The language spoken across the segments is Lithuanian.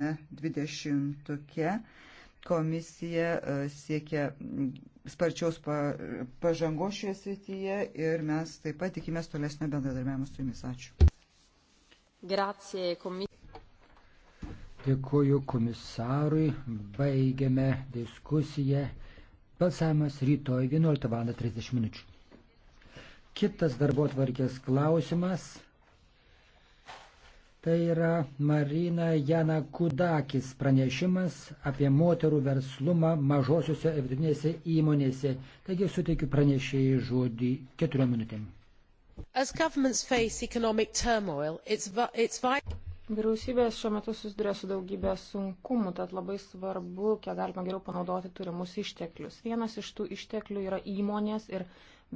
E, dvidešimtuke komisija e, siekia sparčiaus pažangos šioje srityje ir mes taip pat tikimės tolesnio bendradarbiavimo su jumis. Ačiū. Grazie, komis... Dėkuoju komisarui. Baigiame diskusiją. Balsavimas rytoj 11.30 min. Kitas darbo tvarkės klausimas. Tai yra Marina Jana Kudakis pranešimas apie moterų verslumą mažosiuose ir vidutinėse įmonėse. Taigi suteikiu pranešėjai žodį keturiom minutėm. Vyriausybės šiuo metu susiduria su daugybė sunkumų, tad labai svarbu, kiek galima geriau panaudoti turimus išteklius. Vienas iš tų išteklių yra įmonės ir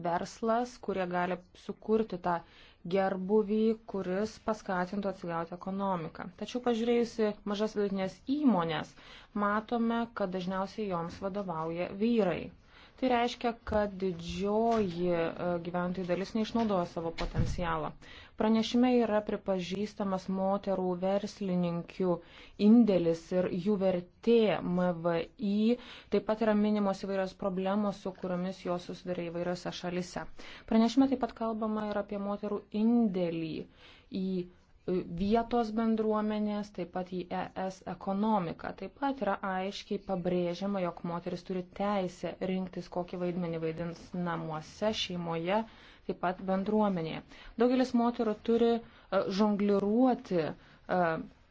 verslas, kurie gali sukurti tą gerbuvį, kuris paskatintų atsigauti ekonomiką. Tačiau pažiūrėjusi mažas vidutinės įmonės, matome, kad dažniausiai joms vadovauja vyrai. Tai reiškia, kad didžioji e, gyventojų dalis neišnaudoja savo potencialą. Pranešime yra pripažįstamas moterų verslininkių indėlis ir jų vertė MVI. Taip pat yra minimos įvairios problemos, su kuriomis jos susidarė įvairiose šalise. Pranešime taip pat kalbama ir apie moterų indėlį į vietos bendruomenės, taip pat į ES ekonomiką. Taip pat yra aiškiai pabrėžiama, jog moteris turi teisę rinktis, kokį vaidmenį vaidins namuose, šeimoje, taip pat bendruomenėje. Daugelis moterų turi e, žongliruoti e,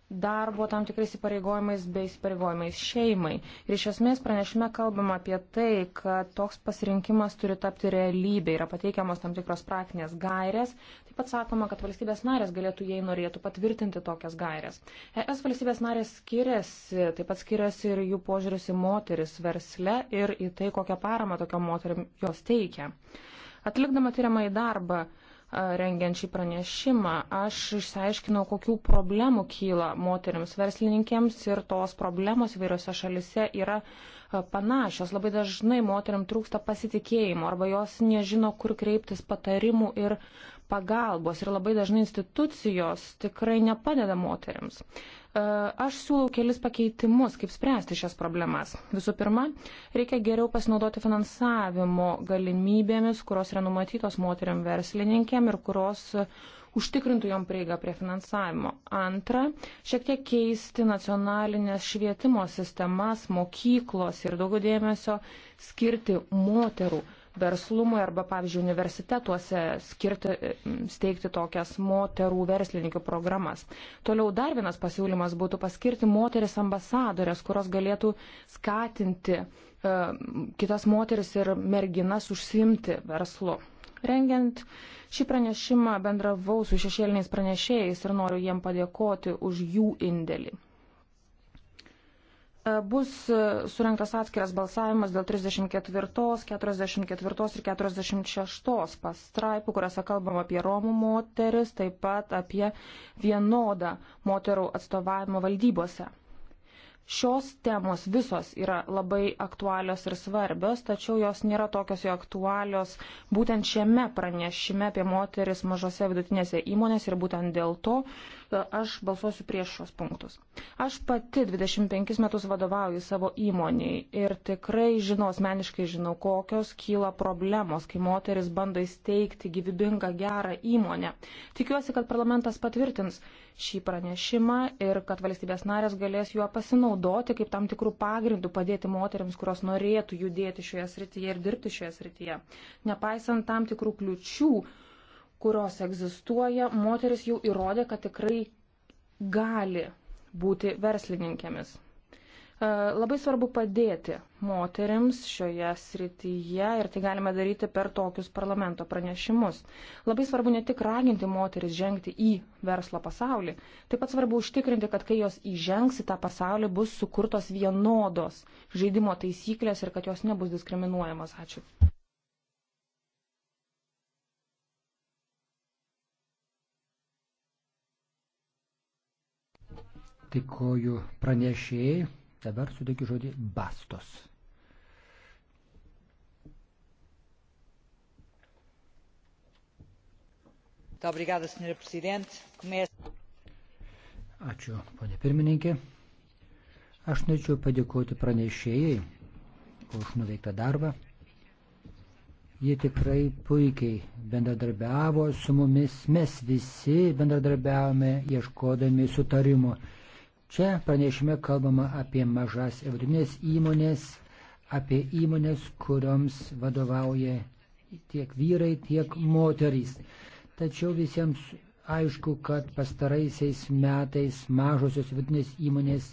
darbo tam tikrais įpareigojimais bei įpareigojimais šeimai. Ir iš esmės pranešime kalbama apie tai, kad toks pasirinkimas turi tapti realybė, yra pateikiamos tam tikros praktinės gairės. Taip pat sakoma, kad valstybės narės galėtų, jei norėtų, patvirtinti tokias gairės. ES valstybės narės skiriasi, taip pat skiriasi ir jų požiūris į moteris versle ir į tai, kokią paramą tokiam moterim jos teikia. Atlikdama tyriamą į darbą, rengiant šį pranešimą, aš išsiaiškinau, kokių problemų kyla moteriams verslininkėms ir tos problemos įvairiose šalise yra panašios. Labai dažnai moteriam trūksta pasitikėjimo arba jos nežino, kur kreiptis patarimų ir pagalbos ir labai dažnai institucijos tikrai nepadeda moteriams. E, aš siūlau kelis pakeitimus, kaip spręsti šias problemas. Visų pirma, reikia geriau pasinaudoti finansavimo galimybėmis, kurios yra numatytos moteriam verslininkėm ir kurios užtikrintų jom prieigą prie finansavimo. Antra, šiek tiek keisti nacionalinės švietimo sistemas, mokyklos ir daugiau dėmesio skirti moterų verslumui arba, pavyzdžiui, universitetuose skirti, steigti tokias moterų verslininkių programas. Toliau dar vienas pasiūlymas būtų paskirti moteris ambasadorės, kurios galėtų skatinti e, kitas moteris ir merginas užsimti verslu. Rengiant šį pranešimą bendravau su šešėliniais pranešėjais ir noriu jiem padėkoti už jų indėlį. E, bus e, surinktas atskiras balsavimas dėl 34, 44 ir 46 pastraipų, kuriuose kalbama apie Romų moteris, taip pat apie vienodą moterų atstovavimo valdybose. Šios temos visos yra labai aktualios ir svarbios, tačiau jos nėra tokios jau aktualios būtent šiame pranešime apie moteris mažose vidutinėse įmonėse ir būtent dėl to aš balsuosiu prieš šios punktus. Aš pati 25 metus vadovauju savo įmoniai ir tikrai žinau, asmeniškai žinau, kokios kyla problemos, kai moteris bando įsteigti gyvybingą gerą įmonę. Tikiuosi, kad parlamentas patvirtins šį pranešimą ir kad valstybės narės galės juo pasinaudoti kaip tam tikrų pagrindų padėti moteriams, kurios norėtų judėti šioje srityje ir dirbti šioje srityje. Nepaisant tam tikrų kliučių, kurios egzistuoja, moteris jau įrodė, kad tikrai gali būti verslininkėmis. E, labai svarbu padėti moteriams šioje srityje ir tai galime daryti per tokius parlamento pranešimus. Labai svarbu ne tik raginti moteris žengti į verslo pasaulį, taip pat svarbu užtikrinti, kad kai jos įžengs į tą pasaulį, bus sukurtos vienodos žaidimo taisyklės ir kad jos nebus diskriminuojamos. Ačiū. Tikoju pranešėjai. Dabar suteikiu žodį bastos. Ačiū, ponė pirmininkė. Aš norėčiau padėkoti pranešėjai už nuveiktą darbą. Jie tikrai puikiai bendradarbiavo su mumis, mes visi bendradarbiavome ieškodami sutarimo. Čia pranešime kalbama apie mažas ir vidutinės įmonės, apie įmonės, kurioms vadovauja tiek vyrai, tiek moterys. Tačiau visiems aišku, kad pastaraisiais metais mažosios vidutinės įmonės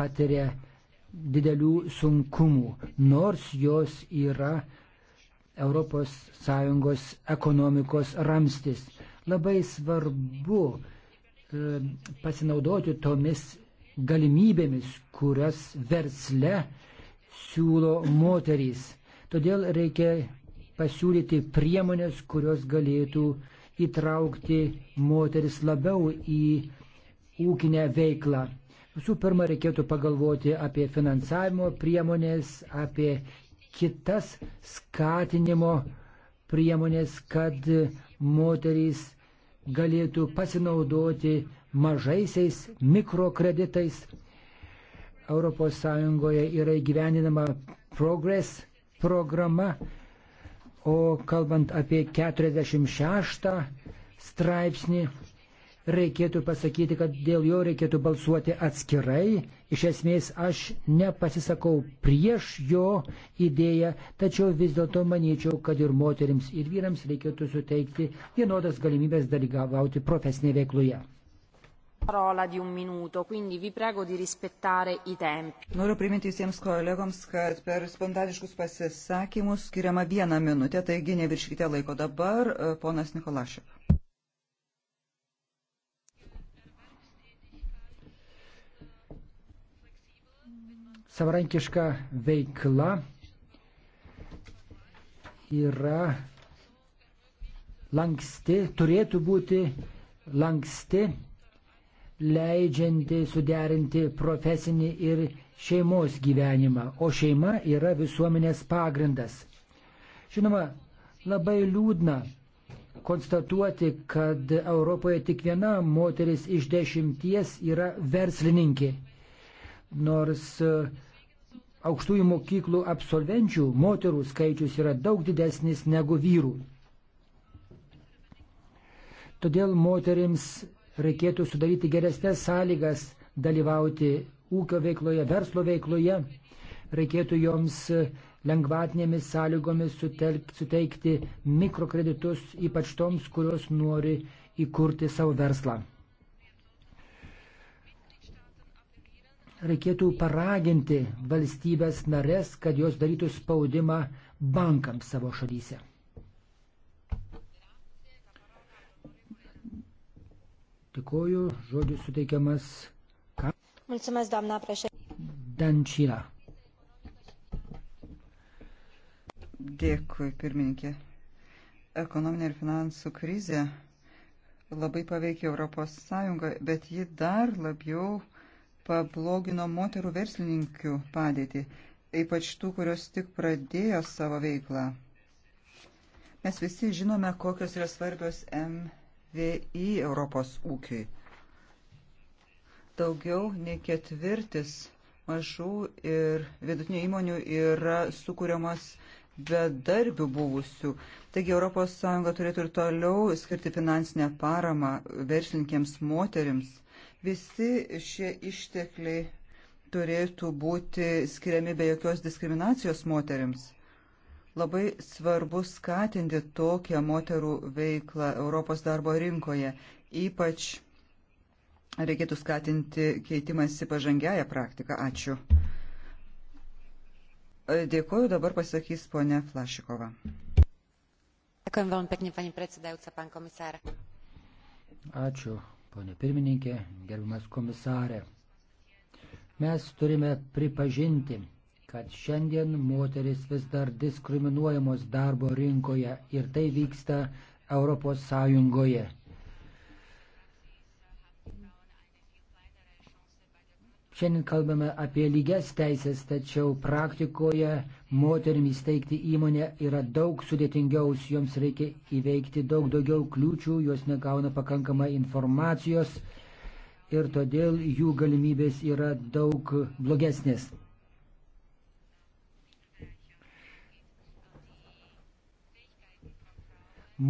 patiria didelių sunkumų, nors jos yra ES ekonomikos ramstis. Labai svarbu E, pasinaudoti tomis galimybėmis, kurias versle siūlo moterys. Todėl reikia pasiūlyti priemonės, kurios galėtų įtraukti moteris labiau į ūkinę veiklą. Visų pirma, reikėtų pagalvoti apie finansavimo priemonės, apie kitas skatinimo priemonės, kad moterys galėtų pasinaudoti mažaisiais mikrokreditais. ES yra įgyveninama Progress programa, o kalbant apie 46 straipsnį, reikėtų pasakyti, kad dėl jo reikėtų balsuoti atskirai. Iš esmės aš nepasisakau prieš jo idėją, tačiau vis dėlto manyčiau, kad ir moteriams, ir vyrams reikėtų suteikti vienodas galimybės dalyvauti profesinėje veikloje. Minuto, Noriu priminti visiems kolegoms, kad per spontaniškus pasisakymus skiriama vieną minutę, taigi nevirškite laiko dabar, e, ponas Nikolašek. Savarankiška veikla yra lanksti, turėtų būti lanksti, leidžianti suderinti profesinį ir šeimos gyvenimą, o šeima yra visuomenės pagrindas. Žinoma, labai liūdna konstatuoti, kad Europoje tik viena moteris iš dešimties yra verslininkė. Nors uh, aukštųjų mokyklų absolvenčių moterų skaičius yra daug didesnis negu vyrų. Todėl moterims reikėtų sudaryti geresnės sąlygas dalyvauti ūkio veikloje, verslo veikloje, reikėtų joms lengvatinėmis sąlygomis sutelk, suteikti mikrokreditus, ypač toms, kurios nori įkurti savo verslą. reikėtų paraginti valstybės narės, kad jos darytų spaudimą bankams savo šalyse. Dėkuoju, žodis suteikiamas. Ką? Mulțumesc, doamna președinte. Dancila. Dėkui, pirmininkė. Ekonominė ir finansų krizė labai paveikė Europos Sąjungą, bet ji dar labiau uh, pablogino moterų verslininkių padėtį, ypač tų, kurios tik pradėjo savo veiklą. Mes visi žinome, kokios yra svarbios MVI Europos ūkiai. Daugiau nei ketvirtis mažų ir vidutinių įmonių yra sukūriamas bedarbių buvusių. Taigi ES turėtų ir toliau skirti finansinę paramą verslininkėms moterims Visi šie ištekliai turėtų būti skiriami be jokios diskriminacijos moteriams. Labai svarbu skatinti tokią moterų veiklą Europos darbo rinkoje. Ypač reikėtų skatinti keitimąsi pažangiają praktiką. Ačiū. Dėkuoju, dabar pasakys ponė Flašikova. Dėkuoju vėl pekni, pani predsedajūca, pan komisarė. Ačiū, ponė pirmininkė, gerbimas komisarė. Mes turime pripažinti, kad šiandien moteris vis dar diskriminuojamos darbo rinkoje ir tai vyksta Europos Sąjungoje. Šiandien kalbame apie lygias teisės, tačiau praktikoje moterim įsteigti įmonę yra daug sudėtingiau, joms reikia įveikti daug daugiau kliūčių, jos negauna pakankamai informacijos ir todėl jų galimybės yra daug blogesnės.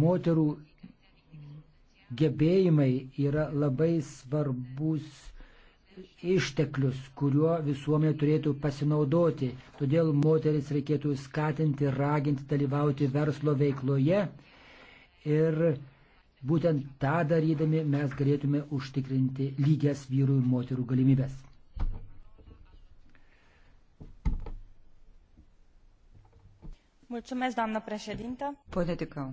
Moterų gebėjimai yra labai svarbus išteklius, kuriuo visuomenė turėtų pasinaudoti. Todėl moteris reikėtų skatinti, raginti dalyvauti verslo veikloje. Ir būtent tą darydami mes galėtume užtikrinti lygias vyrų ir moterų galimybės. Mulțumesc, doamnă președintă. Pone Ticau.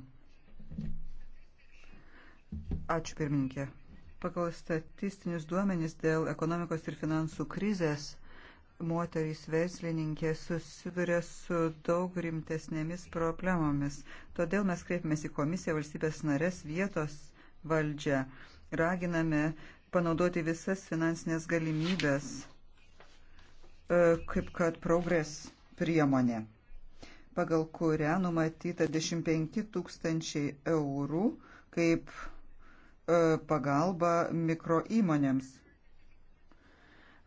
Ačiū pirmininkė. Pagal statistinius duomenys dėl ekonomikos ir finansų krizės moterys verslininkės susiduria su daug rimtesnėmis problemomis. Todėl mes kreipiamės į komisiją valstybės narės vietos valdžią. Raginame panaudoti visas finansinės galimybės, e, kaip kad progres priemonė, pagal kurią numatyta 15 tūkstančiai eurų kaip E, pagalbą mikro įmonėms.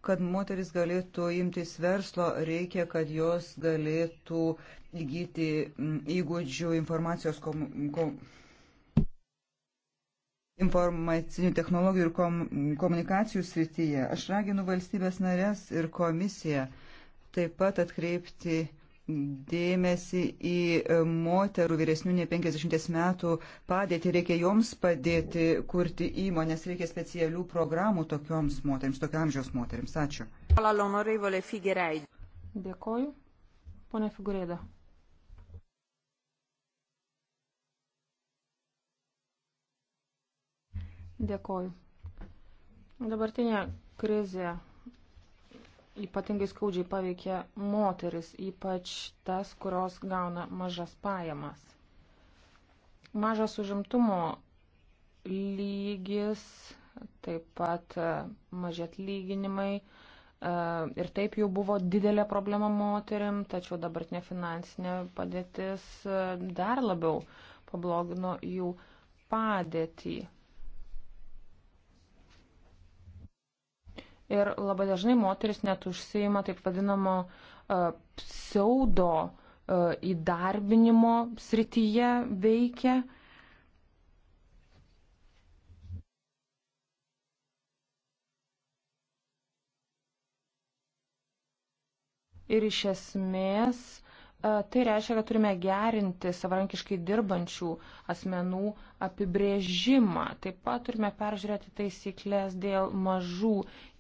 Kad moteris galėtų imtis verslo, reikia, kad jos galėtų įgyti įgūdžių informacijos kom, kom, informacinių technologijų ir kom, komunikacijų srityje. Aš raginu valstybės narės ir komisiją taip pat atkreipti dėmesį į e, moterų vyresnių nei 50 metų padėtį, reikia joms padėti kurti įmonės, reikia specialių programų tokioms moteriams, tokio amžiaus moteriams. Ačiū. Dėkoju. Pone Figurėda. Dėkoju. Dabartinė krizė ypatingai skaudžiai paveikia moteris, ypač tas, kurios gauna mažas pajamas. Mažas užimtumo lygis, taip pat e, maži atlyginimai e, ir taip jau buvo didelė problema moterim, tačiau dabartinė finansinė padėtis e, dar labiau pablogino jų padėtį. Ir labai dažnai moteris net užsieima taip vadinamo uh, pseudo uh, įdarbinimo srityje veikia. Ir iš esmės uh, Tai reiškia, kad turime gerinti savarankiškai dirbančių asmenų apibrėžimą. Taip pat turime peržiūrėti taisyklės dėl mažų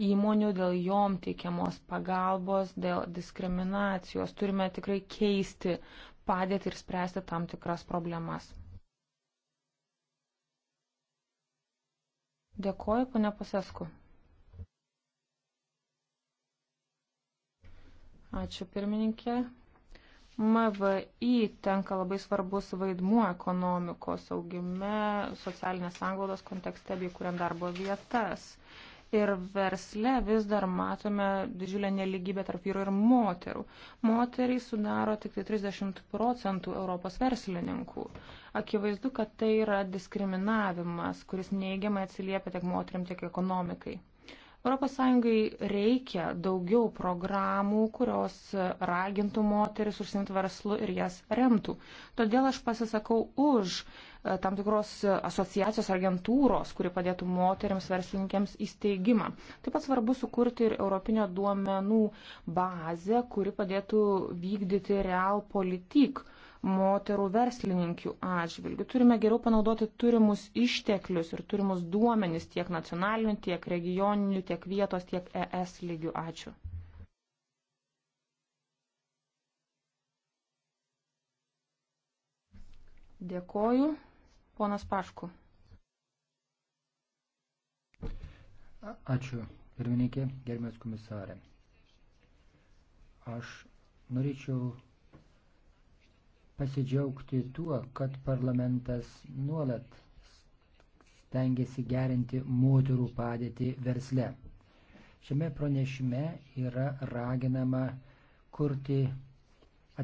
įmonių, dėl jom teikiamos pagalbos, dėl diskriminacijos. Turime tikrai keisti padėti ir spręsti tam tikras problemas. Dėkoju, ponia Pasesku. Ačiū pirmininkė. MVI tenka labai svarbus vaidmuo ekonomikos augime, socialinės sanglaudos kontekste bei kuriant darbo vietas. Ir versle vis dar matome didžiulę neligybę tarp vyrų ir moterų. Moteriai sudaro tik tai 30 procentų Europos verslininkų. Akivaizdu, kad tai yra diskriminavimas, kuris neigiamai atsiliepia tiek moteriam, tiek ekonomikai. ES reikia daugiau programų, kurios ragintų moteris užsimti verslu ir jas remtų. Todėl aš pasisakau už e, tam tikros asociacijos agentūros, kuri padėtų moteriams verslininkėms įsteigimą. Taip pat svarbu sukurti ir Europinio duomenų bazę, kuri padėtų vykdyti real politik moterų verslininkių atžvilgių. Turime geriau panaudoti turimus išteklius ir turimus duomenis tiek nacionaliniu, tiek regioniniu, tiek vietos, tiek ES lygių. Ačiū. Dėkoju. Ponas Pašku. Ačiū, pirmininkė, gerbės komisarė. Aš norėčiau pasidžiaugti tuo, kad parlamentas nuolat stengiasi gerinti moterų padėtį versle. Šiame pranešime yra raginama kurti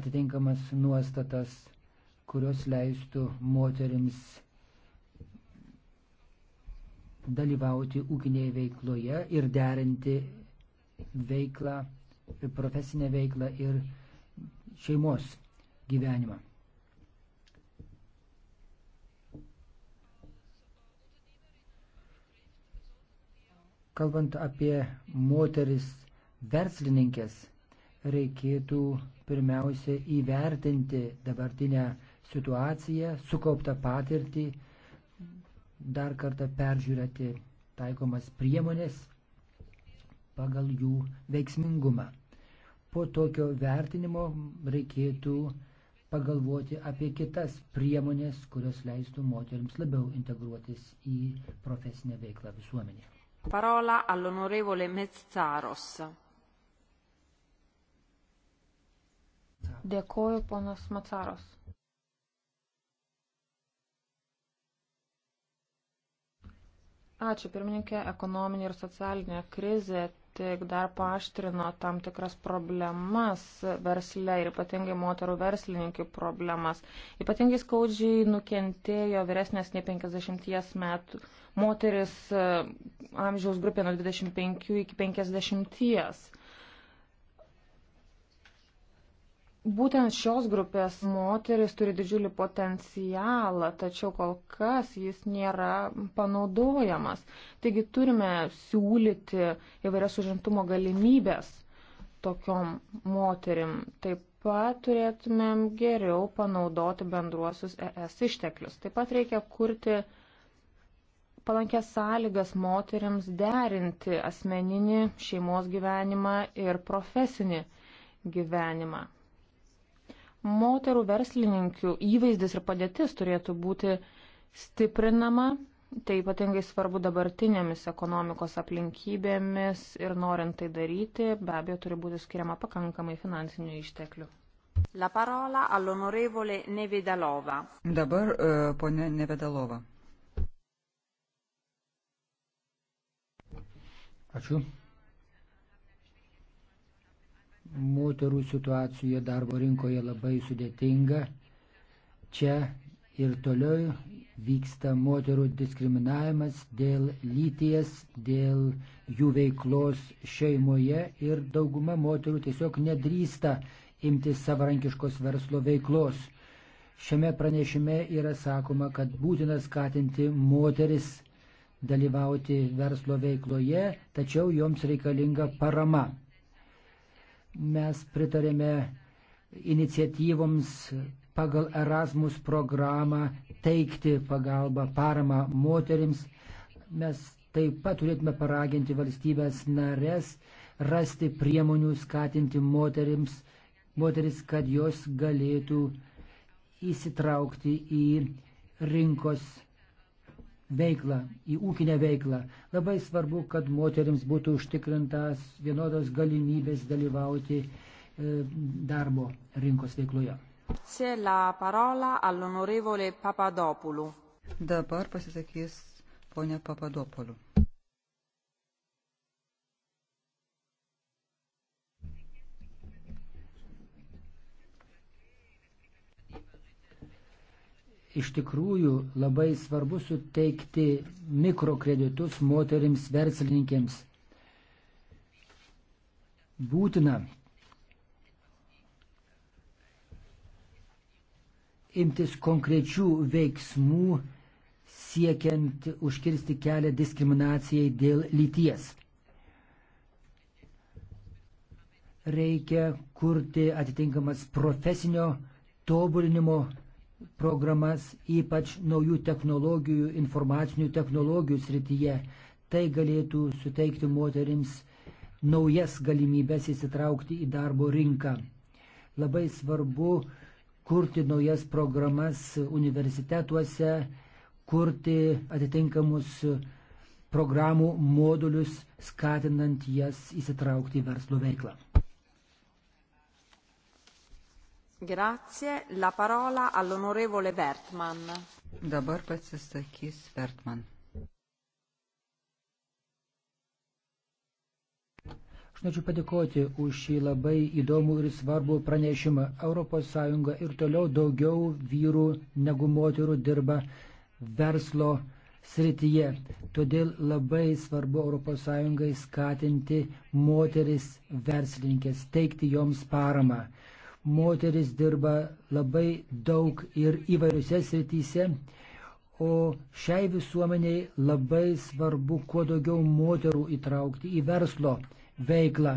atitinkamas nuostatas, kurios leistų moterims dalyvauti ūkinėje veikloje ir derinti veiklą, profesinę veiklą ir šeimos gyvenimą. Kalbant apie moteris verslininkės, reikėtų pirmiausia įvertinti dabartinę situaciją, sukauptą patirtį, dar kartą peržiūrėti taikomas priemonės pagal jų veiksmingumą. Po tokio vertinimo reikėtų pagalvoti apie kitas priemonės, kurios leistų moteriams labiau integruotis į profesinę veiklą visuomenėje parola all'onorevole Mezzaros. Dėkoju, ponas Macaros. Ačiū, pirmininkė, ekonominė ir socialinė krizė tik dar paaštrino tam tikras problemas versle ir ypatingai moterų verslininkių problemas. Ypatingai skaudžiai nukentėjo vyresnės nei 50 metų moteris e, amžiaus grupė nuo 25 iki 50. Būtent šios grupės moteris turi didžiulį potencialą, tačiau kol kas jis nėra panaudojamas. Taigi turime siūlyti įvairias užimtumo galimybės tokiom moterim. Taip pat turėtumėm geriau panaudoti bendruosius ES išteklius. Taip pat reikia kurti palankės sąlygas moteriams derinti asmeninį šeimos gyvenimą ir profesinį gyvenimą moterų verslininkių įvaizdis ir padėtis turėtų būti stiprinama. Tai ypatingai svarbu dabartinėmis ekonomikos aplinkybėmis ir norint tai daryti, be abejo, turi būti skiriama pakankamai finansinių išteklių. La parola all'onorevole Nevedalova. Dabar uh, ponė Nevedalova. Ačiū moterų situacija darbo rinkoje labai sudėtinga. Čia ir toliau vyksta moterų diskriminavimas dėl lyties, dėl jų veiklos šeimoje ir dauguma moterų tiesiog nedrįsta imtis savarankiškos verslo veiklos. Šiame pranešime yra sakoma, kad būtina skatinti moteris dalyvauti verslo veikloje, tačiau joms reikalinga parama. Mes pritarėme iniciatyvoms pagal Erasmus programą teikti pagalbą, paramą moterims. Mes taip pat turėtume paraginti valstybės narės rasti priemonių skatinti moterims, moteris, kad jos galėtų įsitraukti į rinkos veiklą, į ūkinę veiklą. Labai svarbu, kad moteriams būtų užtikrintas vienodos galimybės dalyvauti e, darbo rinkos veikloje. Dabar pasisakys ponia Papadopoulou. iš tikrųjų labai svarbu suteikti mikrokreditus moterims verslininkėms. Būtina imtis konkrečių veiksmų siekiant užkirsti kelią diskriminacijai dėl lyties. Reikia kurti atitinkamas profesinio tobulinimo programas, ypač naujų technologijų, informacinių technologijų srityje. Tai galėtų suteikti moterims naujas galimybės įsitraukti į darbo rinką. Labai svarbu kurti naujas programas universitetuose, kurti atitinkamus programų modulius, skatinant jas įsitraukti į verslo veiklą. Grazie. La parola all'onorevole Bertman. Dabar pasisakys Bertman. Aš norėčiau padėkoti už šį labai įdomų ir svarbų pranešimą. ES ir toliau daugiau vyrų negu moterų dirba verslo srityje. Todėl labai svarbu ES skatinti moteris verslininkės, teikti joms paramą moteris dirba labai daug ir įvairiose srityse, o šiai visuomeniai labai svarbu kuo daugiau moterų įtraukti į verslo veiklą.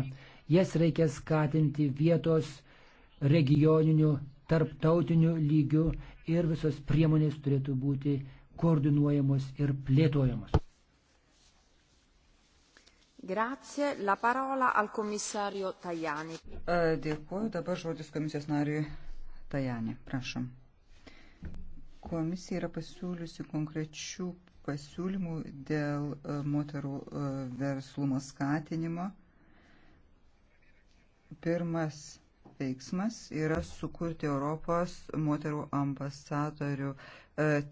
Jas reikia skatinti vietos, regioninių, tarptautinių lygių ir visos priemonės turėtų būti koordinuojamos ir plėtojamos. Grazie. La parola al komisario Tajani. E, dėkuoju. Dabar žodis komisijos nariui Tajani. Prašom. Komisija yra pasiūliusi konkrečių pasiūlymų dėl e, moterų e, verslumo skatinimo. Pirmas veiksmas yra sukurti Europos moterų ambasadorių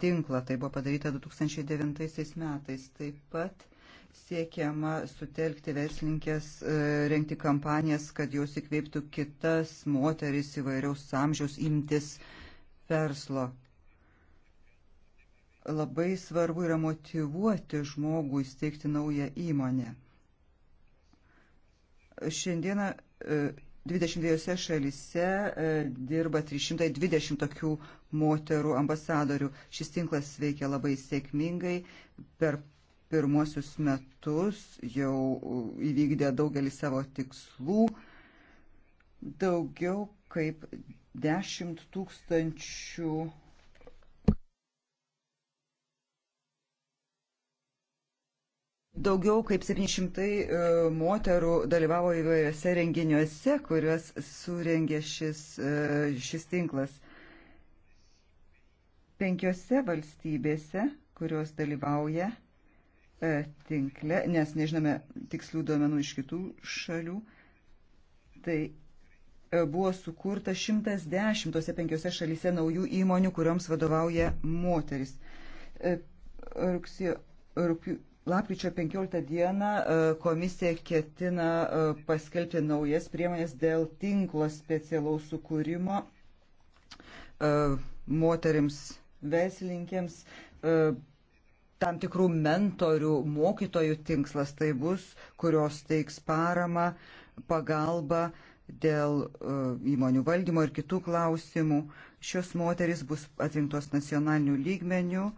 tinklą. Tai buvo padaryta 2009 metais. Taip pat siekiama sutelkti verslininkės, e, renkti kampanijas, kad jos įkveiptų kitas moteris įvairiaus amžiaus imtis verslo. Labai svarbu yra motivuoti žmogų įsteigti naują įmonę. Šiandieną 22 e, šalise e, dirba 320 tokių moterų ambasadorių. Šis tinklas veikia labai sėkmingai. Per pirmuosius metus jau įvykdė daugelį savo tikslų. Daugiau kaip 10 tūkstančių Daugiau kaip 700 e, moterų dalyvavo įvairiose renginiuose, kuriuos surengė šis, e, šis tinklas. Penkiose valstybėse, kurios dalyvauja E, tinkle, nes nežinome tikslių duomenų iš kitų šalių. Tai e, buvo sukurta 110 tose penkiose šalyse naujų įmonių, kurioms vadovauja moteris. E, rugsėjo, rūpiu, lapkričio 15 dieną komisija ketina paskelbti naujas priemonės dėl tinklo specialaus sukūrimo moterims verslininkėms tam tikrų mentorių, mokytojų tinkslas tai bus, kurios teiks paramą, pagalbą dėl e, įmonių valdymo ir kitų klausimų. Šios moteris bus atrinktos nacionalinių lygmenių,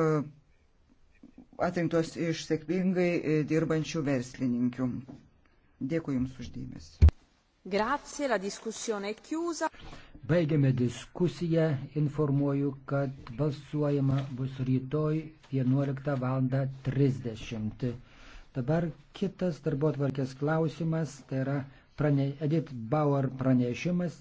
e, atrinktos iš sėkmingai e, dirbančių verslininkių. Dėkui Jums uždėmesi. Grazie, la discussione è chiusa. Baigiame diskusiją, informuoju, kad balsuojama bus rytoj 11.30. Dabar kitas darbo tvarkės klausimas, tai yra prane, Edith Bauer pranešimas